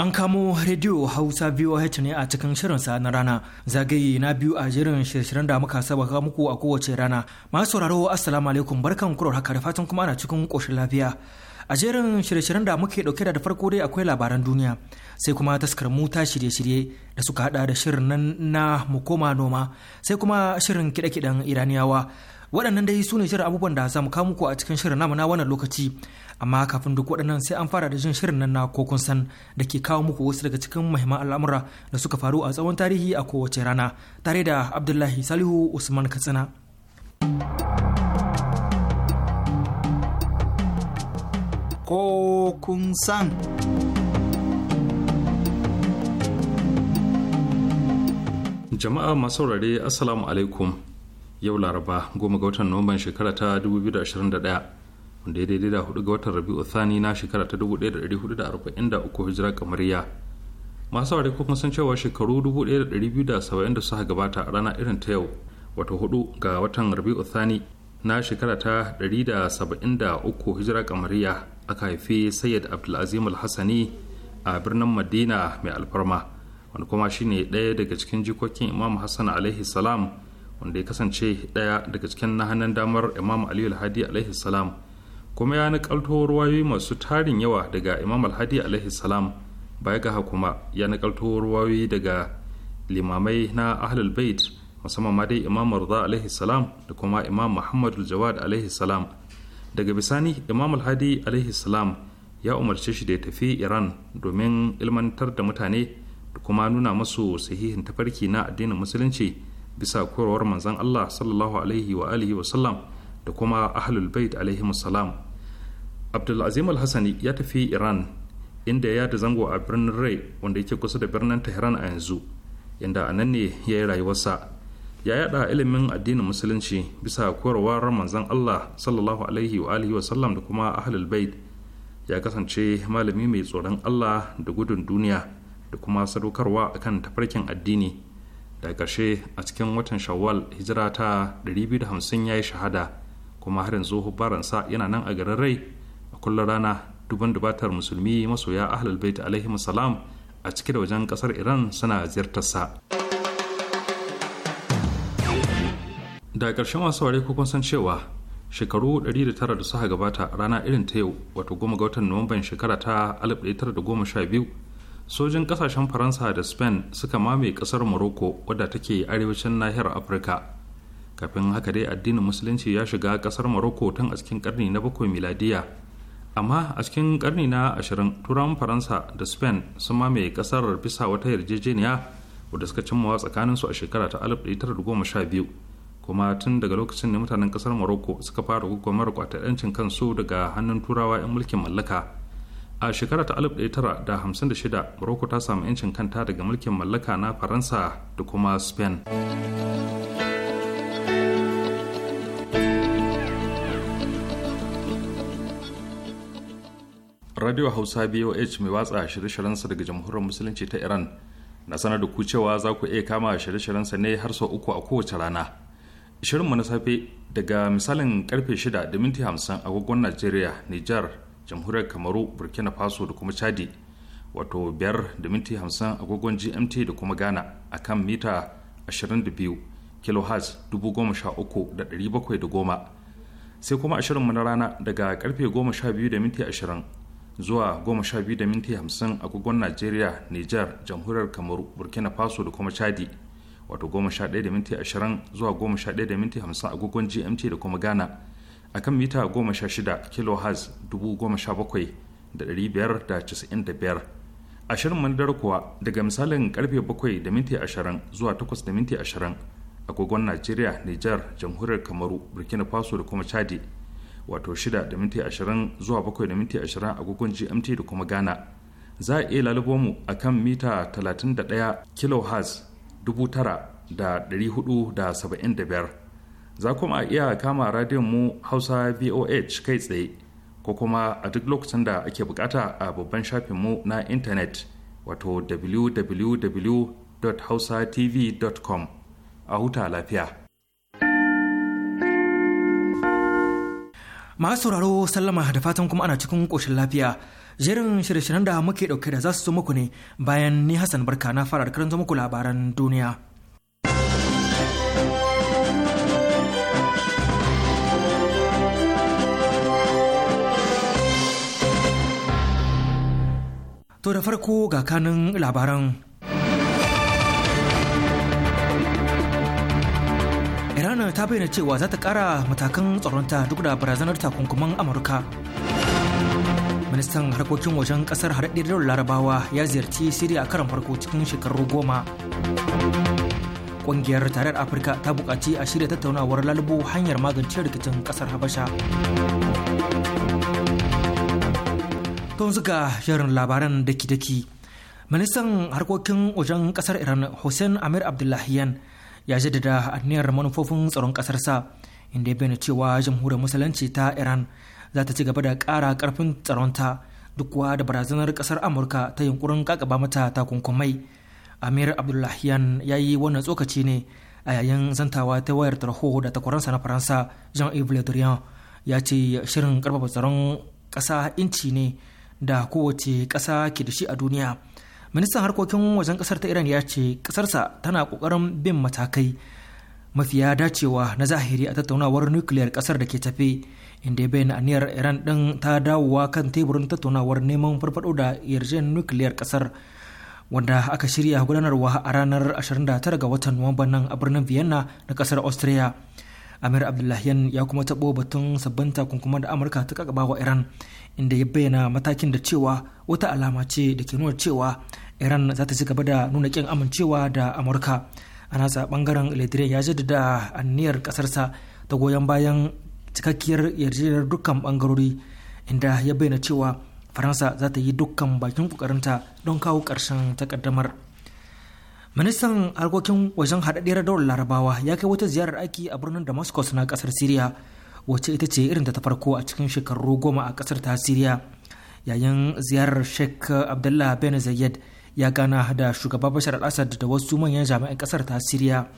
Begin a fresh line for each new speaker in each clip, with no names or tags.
An kamo rediyo Hausa VOH ne a cikin shirinsa na rana zagaye na biyu a jirin shirye-shiryen da muka saba muku a kowace rana. Masu sauraro Assalamu alaikum barkan kuro haka da fatan kuma ana cikin koshin lafiya. A jerin shirye-shiryen da muke dauke da farko dai akwai labaran duniya sai kuma taskar mu ta shirye-shirye da suka hada da shirin nan na mu koma noma sai kuma shirin kiɗe-kiɗen Iraniyawa waɗannan dai su ne shirin abubuwan da za mu kawo muku a cikin shirin namu na wannan lokaci amma kafin duk waɗannan sai an fara da jin shirin nan na ko kun san da ke kawo muku wasu daga cikin muhimman al'amura da suka faru a tsawon tarihi a kowace rana tare da abdullahi salihu usman katsina ko kun san
jama'a masu saurare assalamu alaikum yau laraba goma ga watan nuwamban shekara ta 2021 wanda ya daidai da hudu ga watan rabi'u thani na shekara ta 1443 hijira kamariya masu ware kuma sun cewa shekaru 1270 da suka gabata a rana irin ta yau wata hudu ga watan rabi'u thani na shekara ta 173 hijira kamariya aka haifi sayyid abdulazim alhassani a birnin madina mai alfarma wanda kuma shine ɗaya daga cikin jikokin imam hassan alaihi salam wanda ya kasance ɗaya daga cikin nahanan damar imam aliyu alhadi alaihi salam kuma ya nakalto ruwayoyi masu tarin yawa daga imam alhadi alaihi salam baya ga kuma ya nakalto ruwayoyi daga limamai na ahlul bait musamman ma dai imam murza alaihi salam da kuma imam muhammad jawad alaihi salam daga bisani imam alhadi alaihi salam ya umarce shi da ya tafi iran domin ilmantar da mutane da kuma nuna masu sahihin tafarki na addinin musulunci bisa koyarwar manzon Allah sallallahu alaihi wa alihi wa sallam da kuma ahlul bait alaihi salam Azim al-Hassani ya tafi Iran inda ya da zango a birnin Rai wanda yake kusa da birnin Tehran a yanzu inda anan ne ya yi rayuwarsa ya yada ilimin addinin musulunci bisa koyarwar manzon Allah sallallahu alaihi wa alihi wa sallam da kuma ahlul bait ya kasance malami mai tsoron Allah da gudun duniya da kuma sadaukarwa akan tafarkin addini da ƙarshe a cikin watan shawwal hijira ta 250 ya yi shahada kuma har yanzu baransa yana nan a garin rai a kullum rana duban dubatar musulmi masoya ahlul bait alaihi salam a cike da wajen kasar iran suna ziyartarsa da ƙarshen masu ware kukun san cewa shekaru 109 da suka gabata rana irin ta yau wato goma ga watan nuwamban shekara ta 1912 sojin kasashen faransa da spain suka mame kasar morocco wadda take arewacin nahiyar afirka kafin haka dai addinin musulunci ya shiga kasar morocco tun a cikin karni na bakwai miladiya amma a cikin karni na ashirin turawan faransa da spain sun mame kasar bisa wata yarjejeniya wadda suka cimmawa tsakanin su a shekara ta 1912 kuma tun daga lokacin ne mutanen kasar morocco suka fara gwagwamar kwata 'yancin kansu daga hannun turawa 'yan mulkin mallaka a shekara ta 1956 morocco ta samu 'yancin kanta daga mulkin mallaka na faransa da kuma spain radio hausa boh mai watsa shirye-shiryensa daga jamhuriyar musulunci ta iran na sanar da ku cewa za ku iya kama shirye-shiryensa ne har sau uku a kowace rana shirinmu na safe daga misalin karfe 6 da minti 50 agogon najeriya nijar jamhuriyar kamaru burkina faso da kuma chadi wato 5 da minti 50 agogon gmt da kuma ghana a kan mita 22 kilohertz 13710 sai kuma ashirinmu na rana daga karfe 12 da minti 20 zuwa 12 da minti 50 agogon nigeria niger jamhuriyar kamaru burkina faso da kuma chadi wato 11 da minti 20 zuwa 11 da minti 50 agogon gmt da kuma ghana a kan mita 16 kHz 17,595. Ashirin mandar kuwa daga misalin karfe 7 da minti 20 zuwa 8 da minti 20 agogon Najeriya, Nijar, Jamhuriyar Kamaru, Burkina Faso da kuma Chadi. Wato 6 da minti 20 zuwa 7 da minti 20 agogon GMT da kuma Ghana. Za a iya lalubo mu a kan mita 31 kHz 9,475. za kuma a iya kama radiyon mu hausa voh kai tsaye ko kuma a duk lokacin da ake bukata a babban mu na intanet wato www.hausatv.com a huta lafiya. masu sauraro sallama
da fatan kuma ana cikin koshin lafiya jerin shirye-shiryen da muke dauke da za su zo muku ne bayan ni hassan barka na fara karanta muku labaran duniya. To da farko ga kanin labaran. Iran ta bayyana cewa za ta ƙara matakan tsaronta duk da barazanar takunkuman Amurka. Ministan harkokin wajen ƙasar haɗaɗɗiyar Larabawa ya ziyarci Siriya a karan farko cikin shekaru goma. Ƙungiyar Tarayyar Afirka ta buƙaci a shirya tattaunawar lalubo hanyar magance rikicin ƙasar Habasha. tun zuga shirin labaran daki-daki ministan harkokin wajen kasar iran hussein amir abdullahiyan ya jaddada aniyar manufofin tsaron sa inda ya bayyana cewa jamhuriyar musulunci ta iran za ta ci gaba da ƙara ƙarfin tsaronta duk kuwa da barazanar kasar amurka ta yunkurin kakaba mata takunkumai amir abdullahiyan ya yi wannan tsokaci ne a yayin zantawa ta wayar tarho da takwaransa na faransa jean-yves le drian ya ce shirin karfafa tsaron ƙasa inci ne da kowace ƙasa ke da shi a duniya ministan harkokin wajen ƙasar ta iran ya ce ƙasarsa tana ƙoƙarin bin matakai mafiya dacewa na zahiri a tattaunawar nukiliyar ƙasar da ke tafe inda ya bayyana aniyar iran ɗin ta dawowa kan teburin tattaunawar neman farfaɗo da yarjejen nukiliyar ƙasar wanda aka shirya gudanarwa a ranar 29 ga watan nuwamban nan a birnin vienna na ƙasar austria amir abdullahiyan ya kuma tabo batun sabbin takunkuma da amurka ta kaka wa iran inda ya bayyana matakin da cewa wata alama ce da ke nuna cewa iran za ta ci gaba da nuna kin amincewa da amurka a nasa bangaren ledire ya jaddada aniyar kasarsa ta goyon bayan cikakkiyar yarjejeniyar dukkan bangarori inda ya bayyana cewa faransa za ta yi dukkan bakin kokarinta don kawo ƙarshen takaddamar ministan harkokin wajen haɗaɗɗiyar daular larabawa ya kai wata ziyarar aiki a birnin damascus na ƙasar syria wacce ita ce irin ta farko a cikin shekaru goma a ƙasar ta syria yayin ziyarar sheikh abdullah ben zayed ya gana da shugaba bashar al-assad da wasu manyan jami'an ƙasar ta syria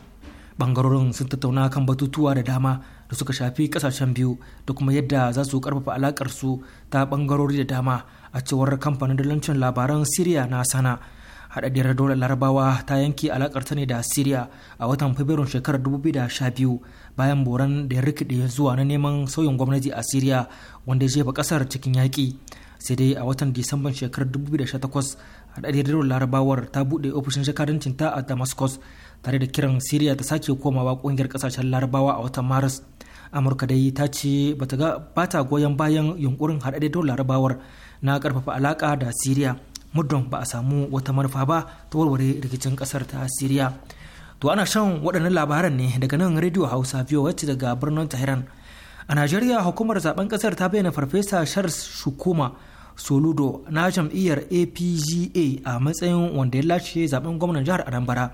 bangarorin sun tattauna kan batutuwa da dama da suka shafi kasashen biyu da kuma yadda za su karfafa alakar su ta bangarori da dama a cewar kamfanin dalancin labaran syria na sana haɗaɗɗiyar daular larabawa ta yanke alakar ta ne da syria a watan fabrairun shekarar 2012 bayan boran da ya rikide zuwa na neman sauyin gwamnati a syria wanda ya jefa ƙasar cikin yaƙi sai dai a watan disamban shekarar 2018 haɗaɗɗiyar daular larabawar ta buɗe ofishin jakadancin ta a damascus tare da kiran syria ta sake komawa ƙungiyar ƙasashen larabawa a watan maris amurka dai ta ce ba ta goyon bayan yunkurin haɗaɗɗiyar daular larabawar na karfafa alaka da syria muddin ba a samu wata manufa ba ta warware rikicin kasar ta siriya to ana shan waɗannan labaran ne daga nan radio hausa wacce daga birnin tehran a najeriya hukumar zaben kasar ta bayyana farfesa charles shukuma soludo na jam'iyyar apga a matsayin wanda ya lashe zaben gwamnan jihar anambra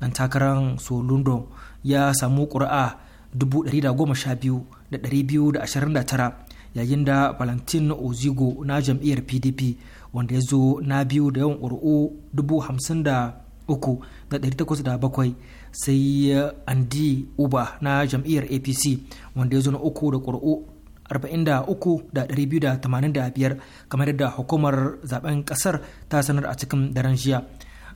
dan takarar soludo ya samu ƙuri'a tara yayin da valentin ozigo na jam'iyyar pdp wanda ya zo na biyu da yawan ƙuri'u 53,807 sai andi uba na jam'iyyar apc wanda ya zo na uku da ƙuri'u 43,285 kamar yadda hukumar zaben ƙasar ta sanar a cikin daren jiya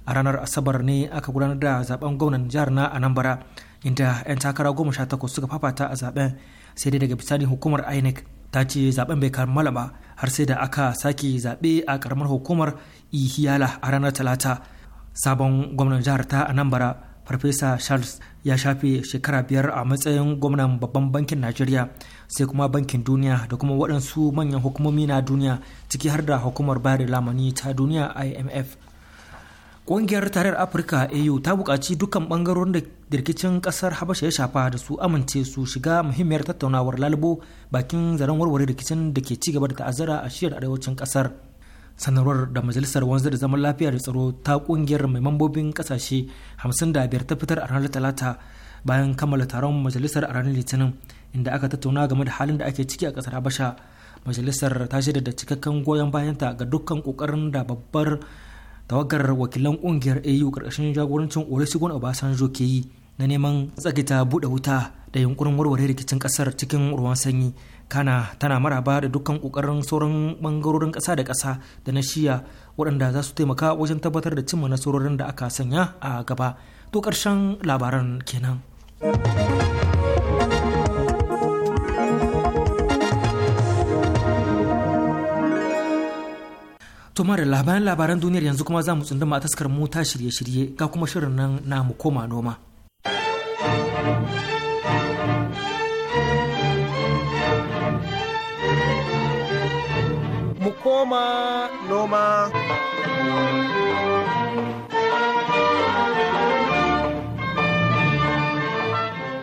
a ranar asabar ne aka gudanar da zaben gwamnan jihar na anambra inda 'yan takara goma sha takwas suka fafata a zaben sai dai daga bisani hukumar inec ta ce zaben bai kammala ba har sai da aka sake zaɓe a karamar hukumar ihiyala a ranar talata sabon gwamnan jihar ta anambra farfesa charles ya shafe shekara biyar a matsayin gwamnan babban bankin najeriya sai kuma bankin duniya da kuma waɗansu manyan hukumomi na duniya ciki har da hukumar bari lamani ta duniya imf Ƙungiyar tarayyar Afirka AU ta buƙaci dukkan ɓangarorin da rikicin ƙasar Habasha ya shafa da su amince su shiga muhimmiyar tattaunawar lalubo bakin zaren warware rikicin da ke ci gaba da ta'azzara a shiyar arewacin ƙasar. Sanarwar da Majalisar wanzu da Zaman Lafiya da Tsaro ta kungiyar mai mambobin ƙasashe 55 ta fitar a ranar Talata bayan kammala taron majalisar a ranar Litinin inda aka tattauna game da halin da ake ciki a ƙasar Habasha. Majalisar ta shaida da cikakken goyon bayanta ga dukkan ƙoƙarin da babbar tawagar wakilan kungiyar au karkashin jagorancin olusegun obasanjo ke yi na neman tsagita buɗe wuta da yunkurin warware rikicin ƙasar cikin ruwan sanyi kana tana maraba da dukkan ƙoƙarin sauran ɓangarorin ƙasa da ƙasa da na shiya waɗanda za su taimaka wajen tabbatar da cimma nasarorin da aka sanya a gaba to ƙarshen labaran kenan. To marilla bayan labaran duniyar yanzu kuma za mu tsunduma a taskar shirye-shirye ga kuma shirin nan na mu koma noma.
Mu koma noma.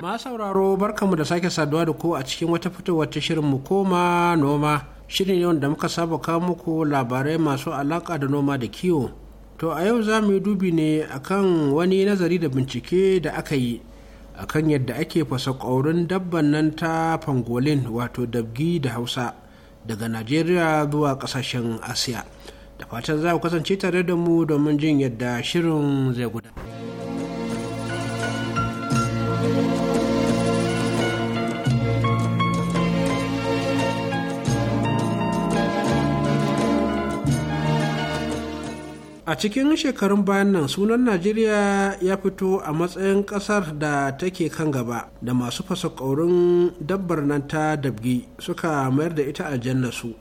Ma sauraro barkamu da sake saduwa da ku a cikin wata fitowar ta shirin mu koma noma. shirin yawan da muka saba kawo muku labarai masu alaƙa da noma da kiwo to a yau za mu yi dubi ne akan wani nazari da bincike da aka yi akan yadda ake fasa ƙaurin dabban nan ta pangolin wato dabgi da hausa daga najeriya zuwa ƙasashen asiya da fatan za ku kasance tare da mu domin jin yadda shirin zai gudana a cikin shekarun bayan nan sunan najeriya ya fito a matsayin kasar da take kan gaba da masu fasa ƙaurin dabbar nan ta dabgi suka mayar da ita aljanna su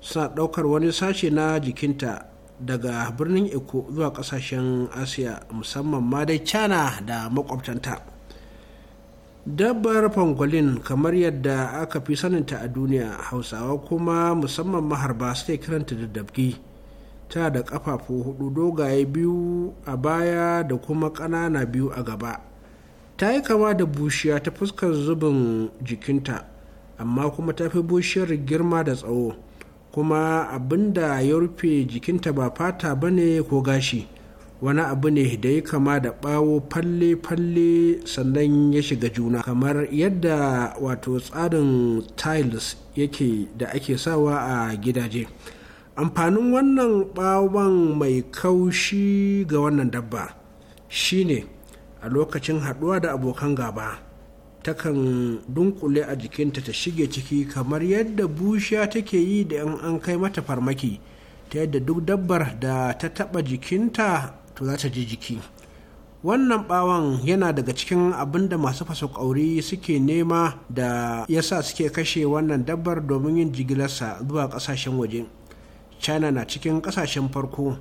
suna ɗaukar wani sashe na jikinta daga birnin eko zuwa ƙasashen asiya musamman ma dai china da makwabtanta dabbar pangolin kamar yadda aka fi saninta a duniya hausawa kuma musamman maharba suke kiranta da dabgi ta da ƙafafu hudu dogaye biyu a baya da kuma ƙanana biyu a gaba ta yi kama da bushiya ta fuskar zubin jikinta amma kuma ta fi bushiyar girma da tsawo kuma abin da ya rufe jikinta ba fata ba ne ko gashi wani abu ne da ya kama da ɓawo falle-falle sannan ya shiga juna kamar yadda wato tsarin tiles yake da ake sawa a gidaje. amfanin wannan ɓawon mai kaushi ga wannan dabba shine a lokacin haɗuwa da abokan gaba takan dunkule a jikinta ta shige ciki kamar yadda bushiya take yi da an kai mata farmaki ta yadda duk dabbar da ta taɓa jikinta to za ta ji jiki wannan bawan yana daga cikin abin da masu fasa ƙauri suke nema da yasa suke kashe wannan dabbar domin yin jigilarsa zuwa ƙasashen waje china na cikin kasashen farko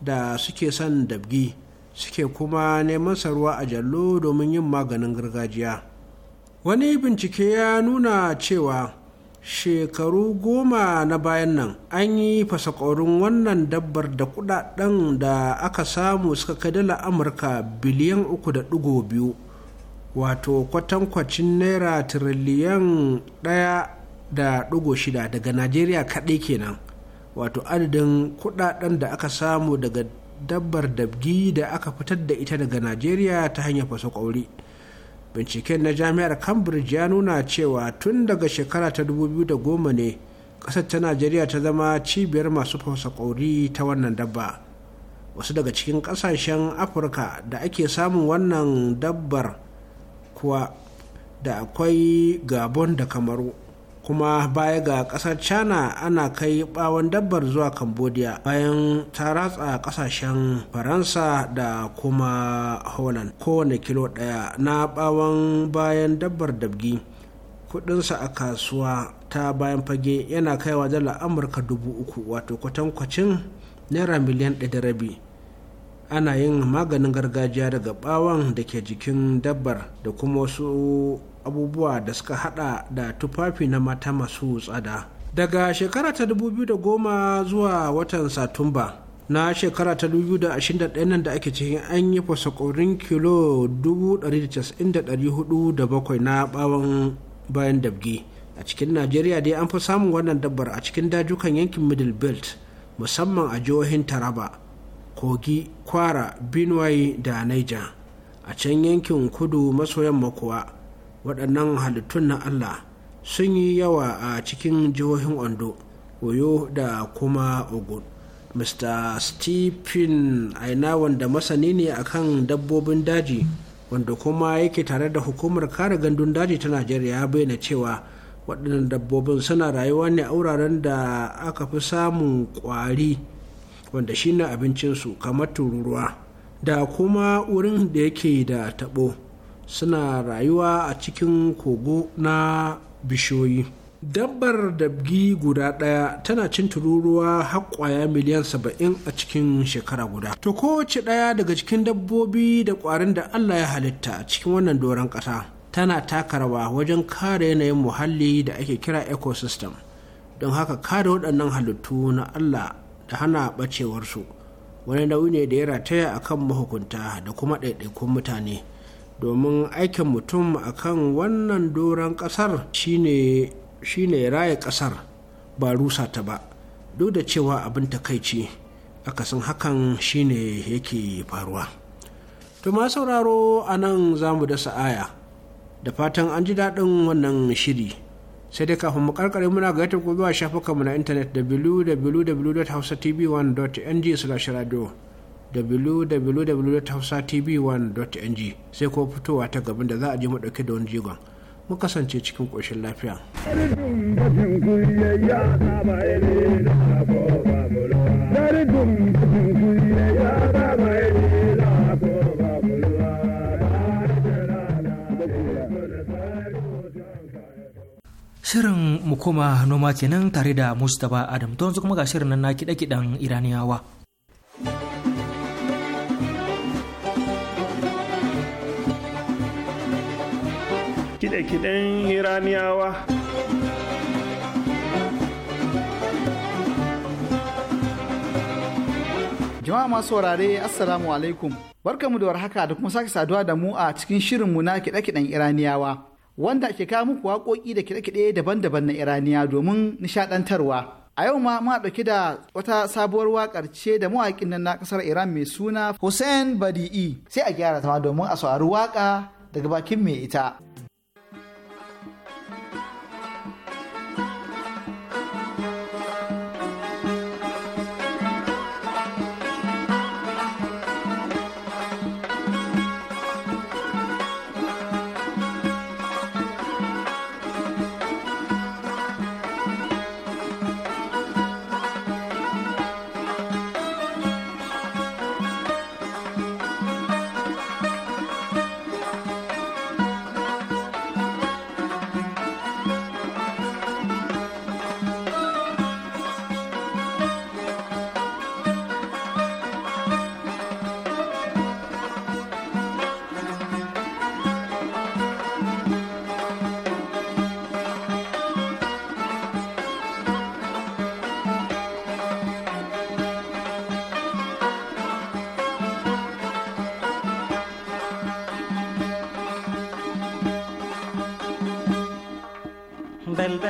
da suke son dabgi suke kuma neman saruwa a jallo domin yin maganin gargajiya wani bincike ya nuna cewa shekaru goma na bayan nan an yi fasakorin wannan dabbar da kudaden da aka samu suka kai dala amurka biliyan uku da dugo biyu wato kwatankwacin naira tiriliyan ɗaya da shida daga najeriya kaɗai kenan wato adadin kudaden da aka samu daga dabbar dabgi da aka fitar da ita daga najeriya ta hanyar faso kwauri binciken na jami'ar cambridge ya nuna cewa tun daga shekara ta 2010 ne kasar ta najeriya ta zama cibiyar masu faso kwauri ta wannan dabba wasu daga cikin kasashen afirka da ake samun wannan dabbar kuwa da akwai gabon da kamaru kuma baya ga kasar china ana kai bawon dabbar zuwa cambodia bayan ta ratsa kasashen faransa da kuma holland kowane kilo daya na bawon bayan dabbar dabgi kudinsa a kasuwa ta bayan fage yana kaiwa dala amurka dubu uku wato kwatankwacin naira miliyan ɗaya rabi ana yin maganin gargajiya daga bawon da ke jikin dabbar da kuma wasu abubuwa da suka hada da tufafi na mata masu tsada daga shekara ta 2010 zuwa watan satumba na shekara ta 2021 nan da ake cikin an yi fasakorin kilo 1,497 na bawon bayan dabge a cikin najeriya dai an fi samun wannan dabbar a cikin dajukan yankin middle belt musamman a jihohin taraba kogi kwara benue da niger a can yankin kudu maso yamma kuwa waɗannan halittun na allah sun yi yawa a cikin jihohin ondo oyo da kuma ogun mr stephen aina wanda masani ne akan dabbobin daji wanda kuma yake tare da hukumar kare gandun daji ta najeriya ya bayyana cewa waɗannan dabbobin suna rayuwa ne a wuraren da aka fi samun ƙwari wanda shine abincinsu kamar tururuwa da kuma wurin da yake da taɓo suna rayuwa a cikin kogo na bishiyoyi dabbar dabgi guda ɗaya tana cin tururuwa har ƙwaya miliyan saba'in a cikin shekara guda to kowace ɗaya daga cikin dabbobi da ƙwarin da allah ya halitta cikin wannan doron ƙasa tana taka rawa wajen kare yanayin muhalli da ake kira ecosystem don haka kare waɗannan halittu na allah da hana ɓacewarsu wani nauyi ne da ya rataya a kan mahukunta da kuma ɗaiɗaikun mutane domin aikin mutum a kan wannan doron ƙasar shine raya ƙasar ba rusa ta ba duk da cewa abin takaici akasin hakan shine yake faruwa to ma sauraro a nan za mu dasa aya da fatan an ji daɗin wannan shiri sai dai kafin mu karkare muna ga yadda gobe a shafukanmu na intanet www.hausatv1.ng/radio www.hausatv1.ng sai kuma fitowa ta gaban da za a je mu dauke da wani jigon mu kasance cikin ƙoshin lafiya.
Shirin mu koma noma kenan tare da Mustapha Adam don kuma ga shirin nan na kiɗe-kiɗen Iraniyawa.
kide-kiden iraniyawa
jama'a masu saurare assalamu alaikum mu da warhaka da kuma sake saduwa da mu a cikin shirinmu na kide-kiden iraniyawa wanda ke kawo muku waƙoƙi da kide-kide daban-daban na iraniya domin nishadantarwa a yau ma muna dauke da wata sabuwar waƙar ce da mawaƙin nan na ƙasar iran mai suna hussein badi'i sai a gyara ta domin a saurari waƙa daga bakin mai ita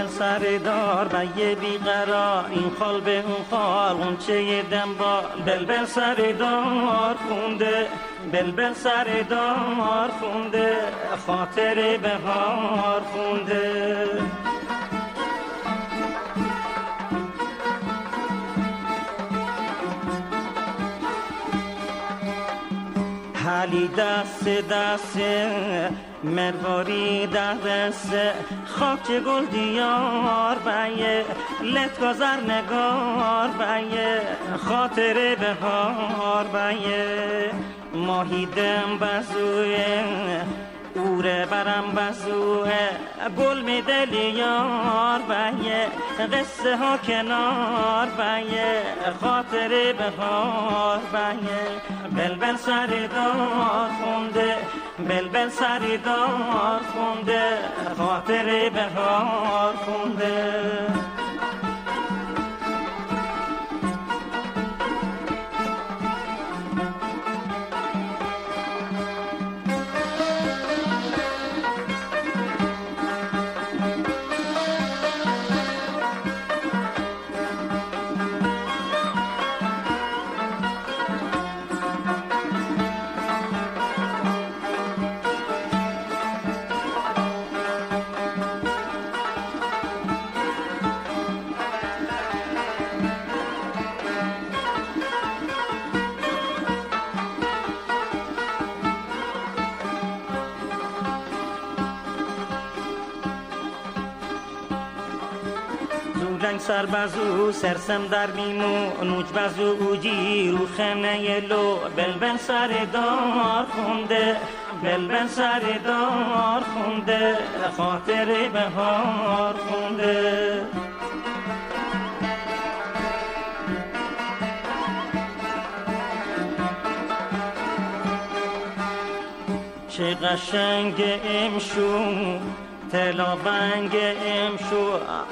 سردار و یه بیقرار این خال به اون خال اون چه دم با بلبل سردار خونده بلبل سردار خونده خاطر بهار خونده حالی دست دست مرواری در دست خاک گل دیار بیه لت نگار بیه خاطر بهار ماهی دم بزویه اوره برم بزوه گل می دلیار بایه قصه ها کنار بیه خاطر بهار بایه بلبل سر دار خونده بلبل سری دار خونده به بهار خونده سر بازو سرسم در میمون بازو بزو رو خمه بل بلبن سر دار خونده بلبن سر دار خونده خاطر بهار خونده چه قشنگ امشون تلا بنگ امشو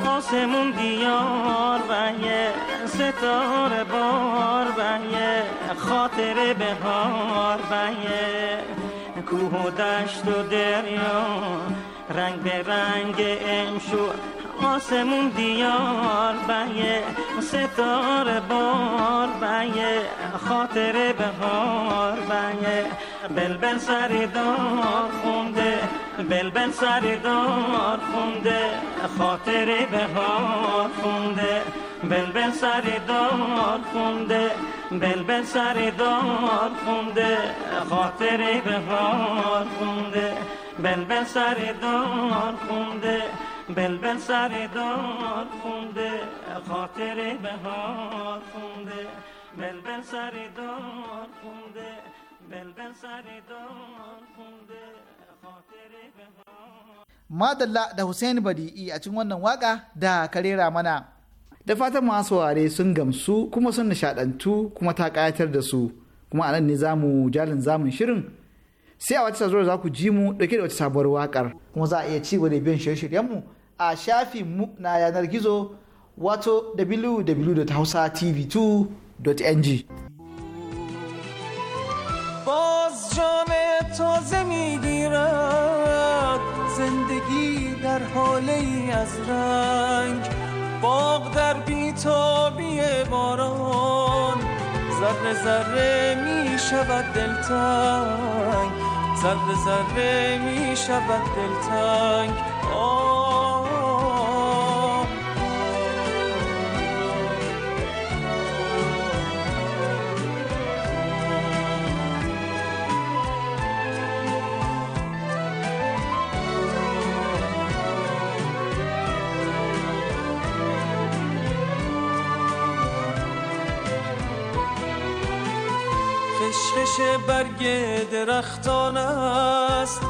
آسمون دیار و یه ستاره بار و یه خاطر بهار و کوه و دشت و دریا رنگ به رنگ امشو آسمون دیار بیه ستاره بار بیه خاطره خاطر بهار و بلبل سر دار خونده بلبل سر دار خونده خاطر بهار خونده بلبل سر دار خونده بلبل سر دار خونده خاطر بهار خونده بلبل سر دار خونده بلبل سر دار خونده خاطر بهار خونده بلبل سر دار خونده
madalla da Hussein Badi'i a cikin wannan waka da karera mana. Da fatan masu saurare sun gamsu kuma sun nishadantu kuma ta kayatar da su kuma anan ne za mu jalin zamun shirin sai a wata sazuwar za ku ji mu dauke da wata sabuwar wakar kuma za a iya ci da biyan shirye-shiryenmu a shafin mu na yanar gizo wato www.hausatv2.ng.
تازه میگیرد زندگی در حاله ای از رنگ باغ در بیتابی باران ذره ذره می شود دلتنگ ذره ذره می دلتنگ آه برگ درختان است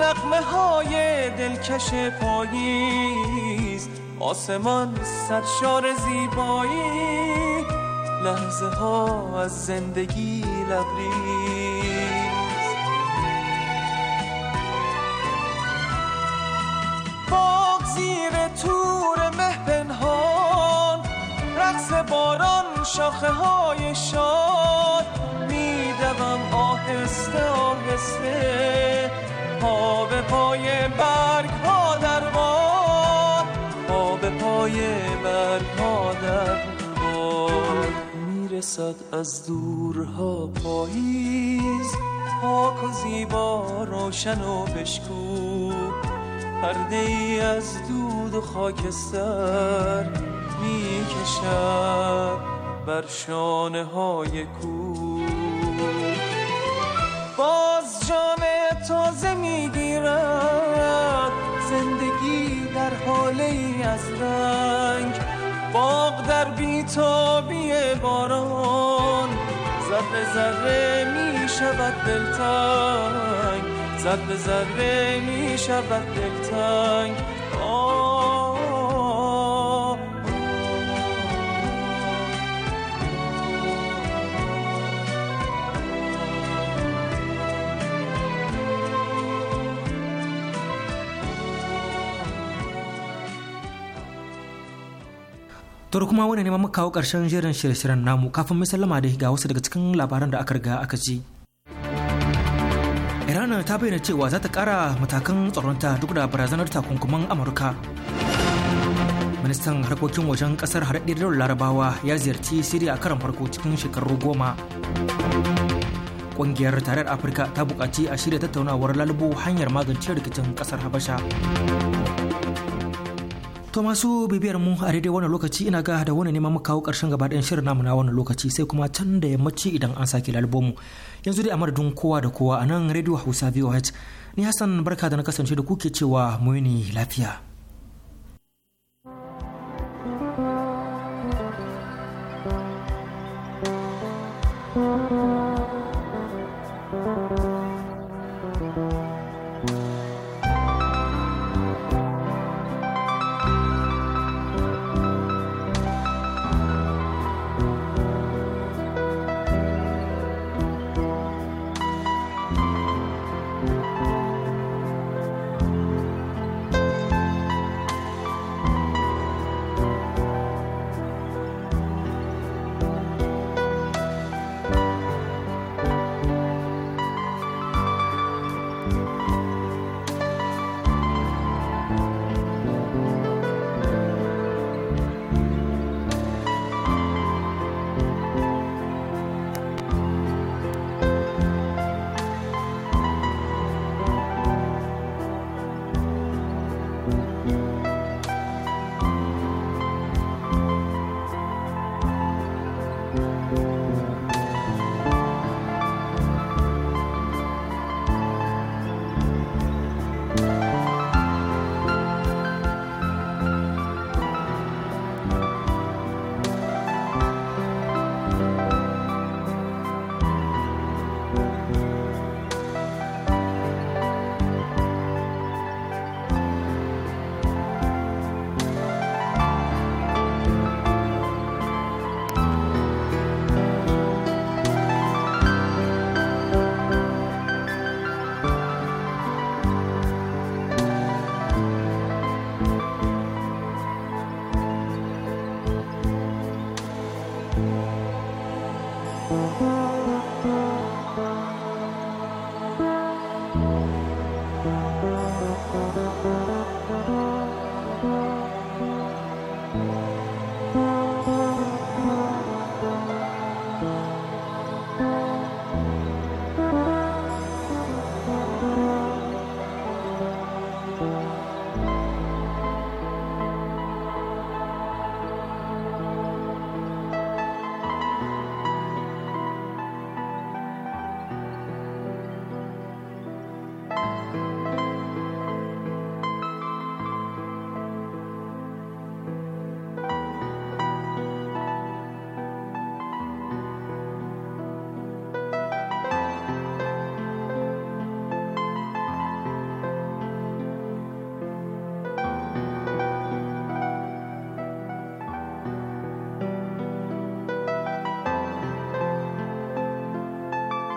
نقمه های دلکش پاییز آسمان سرشار زیبایی لحظه ها از زندگی لبریز باغ زیر تور رقص باران شاخه های آهسته آهسته پا به پای برگ ها در باد پا به پای برگ در باد میرسد از دورها پاییز پاک و زیبا روشن و بشکو پرده ای از دود و خاکستر میکشد بر شانه های کو باز جام تازه میگیرد زندگی در حاله ای از رنگ باغ در بیتابی باران زرد ذره میشود شود دلتنگ زرد ذره می دلتنگ
to kuma wani neman muka kawo ƙarshen jerin shirye-shiryen namu kafin mai sallama da ga wasu daga cikin labaran da aka riga aka ji iran ta bayyana cewa za ta ƙara matakan tsaronta duk da barazanar takunkuman amurka ministan harkokin wajen kasar haɗaɗɗiyar larabawa ya ziyarci siriya a karan farko cikin shekaru goma ƙungiyar tarayyar afirka ta buƙaci a shirya tattaunawar lalubo hanyar magance rikicin kasar habasha To masu bibiyar mu a daidai wannan lokaci ina ga da wani neman kawo karshen gaba ɗayan shirin namu na wannan lokaci sai kuma can da yammaci idan an sake lalbomu. Yanzu dai a madadin kowa da kowa a nan Radio Hausa VOH. Ni Hassan barka da na kasance da kuke cewa mu ne lafiya.
thank you Bye.